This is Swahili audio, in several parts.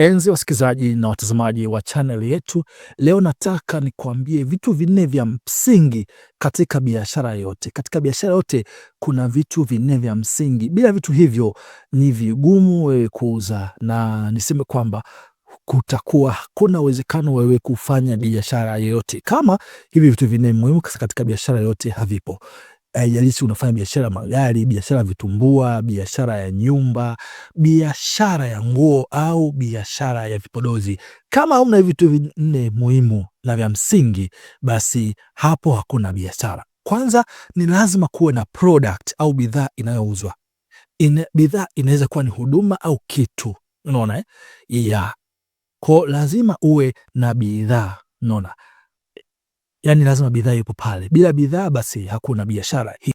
Enzi wasikilizaji na watazamaji wa chaneli yetu, leo nataka nikuambie vitu vinne vya msingi katika biashara yote. Katika biashara yote kuna vitu vinne vya msingi, bila vitu hivyo ni vigumu wewe kuuza, na niseme kwamba kutakuwa hakuna uwezekano wewe kufanya biashara yoyote kama hivi vitu vinne muhimu katika biashara yote havipo haijalishi eh, unafanya biashara magari, biashara vitumbua, biashara ya nyumba, biashara ya nguo au biashara ya vipodozi. Kama hamna vitu vinne muhimu na vya msingi, basi hapo hakuna biashara. Kwanza ni lazima kuwe na product au bidhaa inayouzwa. In, bidhaa inaweza kuwa ni huduma au kitu, unaona eh? Yeah. Ko lazima uwe na bidhaa, unaona yani lazima bidhaa ipo pale. Bila bidhaa, basi hakuna biashara hii.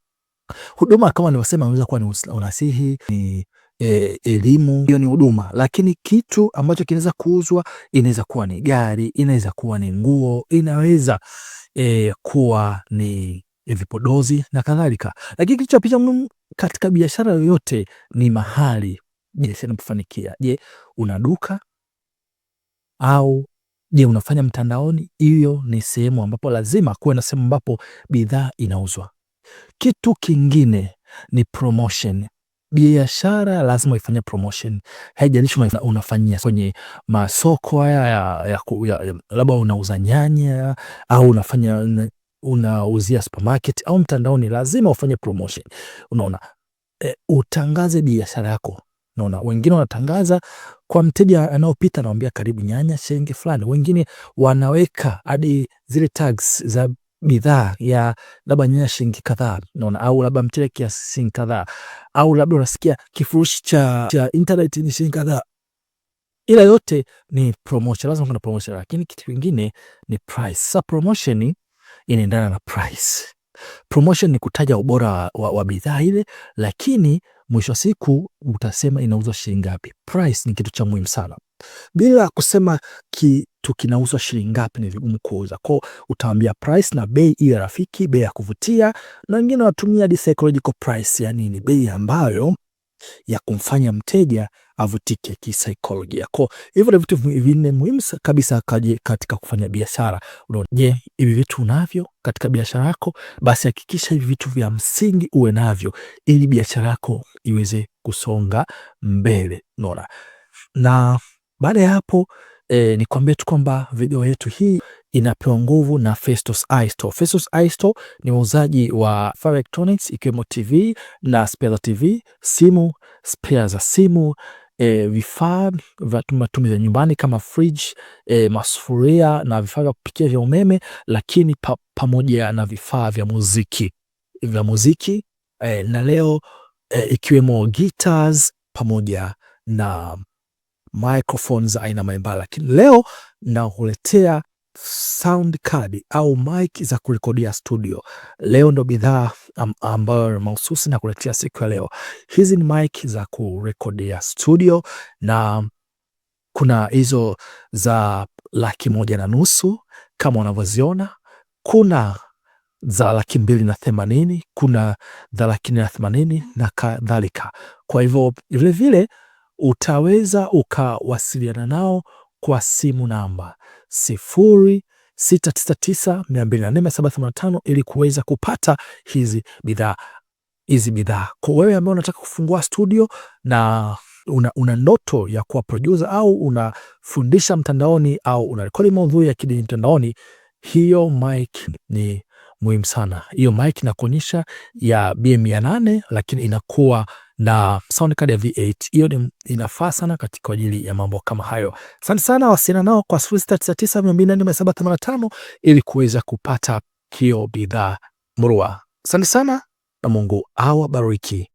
Huduma kama nilivyosema, unaweza kuwa ni unasihi, ni E, elimu hiyo ni huduma, lakini kitu ambacho kinaweza kuuzwa, inaweza kuwa ni gari, inaweza kuwa ni nguo, inaweza e, kuwa ni vipodozi na kadhalika. Lakini kitu cha picha muhimu katika biashara yoyote ni mahali biashara inapofanikia. Je, una duka au Je, unafanya mtandaoni? Hiyo ni sehemu ambapo lazima kuwe na sehemu ambapo bidhaa inauzwa. Kitu kingine ni promotion. Biashara lazima ifanye promotion, haijalishi unafanyia kwenye masoko haya ya, ya, ya, ya, labda unauza nyanya au unafanya unauzia supermarket au mtandaoni, lazima ufanye promotion. Unaona e, utangaze biashara yako Naona wengine wanatangaza kwa mteja anaopita, anamwambia karibu nyanya shilingi fulani. Wengine wanaweka hadi zile tags za bidhaa ya labda nyanya shilingi kadhaa, naona au labda mteja kiasi shilingi kadhaa, au labda unasikia kifurushi cha, cha internet ni shilingi kadhaa, ila yote ni promotion. Lazima kuna promotion, lakini kitu kingine ni price. Sa promotion inaendana na price. Promotion ni kutaja ubora wa, wa, wa bidhaa ile, lakini mwisho wa siku utasema inauzwa shilingi ngapi. Price ni kitu cha muhimu sana. Bila kusema kitu kinauzwa shilingi ngapi ni vigumu kuuza. Kwa utaambia price na bei ile rafiki, bei ya kuvutia, na wengine wanatumia psychological price, yani ni bei ambayo ya kumfanya mteja avutike kisaikolojia. Kwa hivyo ni vitu vinne muhimu kabisa kaje katika kufanya biashara. Je, hivi vitu unavyo katika biashara yako? Basi hakikisha hivi vitu vya msingi uwe navyo ili biashara yako iweze kusonga mbele. Unaona? Na baada ya hapo E, eh, ni kwambie tu kwamba video yetu hii inapewa nguvu na Festus iStore. Festus iStore ni wauzaji wa electronics ikiwemo TV na spare TV, simu, spare za simu e, vifaa vya matumizi ya nyumbani kama fridge, e, masufuria na vifaa vya kupikia vya umeme, lakini pa, pamoja na vifaa vya muziki vya muziki e, na leo e, ikiwemo guitars pamoja na microphones aina mbalimbali, lakini leo nakuletea sound card au mic za kurekodia studio. Leo ndo bidhaa ambayo mahususi na kuletea siku ya leo. Hizi ni mic za kurekodia studio, na kuna hizo za laki moja na nusu kama unavyoziona, kuna za laki mbili na themanini, kuna za laki nne na themanini na kadhalika. Kwa hivyo vilevile utaweza ukawasiliana nao kwa simu namba 0699294785 ili kuweza kupata hizi bidhaa hizi bidhaa. Kwa wewe ambaye unataka kufungua studio na una, una ndoto ya kuwa producer au unafundisha mtandaoni au unarekodi maudhui ya kidini mtandaoni, hiyo mic ni muhimu sana. Hiyo mic inakuonyesha ya B800 lakini inakuwa na sound card ya V8 hiyo inafaa sana katika ajili ya mambo kama hayo. Asante sana, wasiliana nao kwa 0699284785 ili kuweza kupata hiyo bidhaa mrua Asante sana na Mungu awabariki.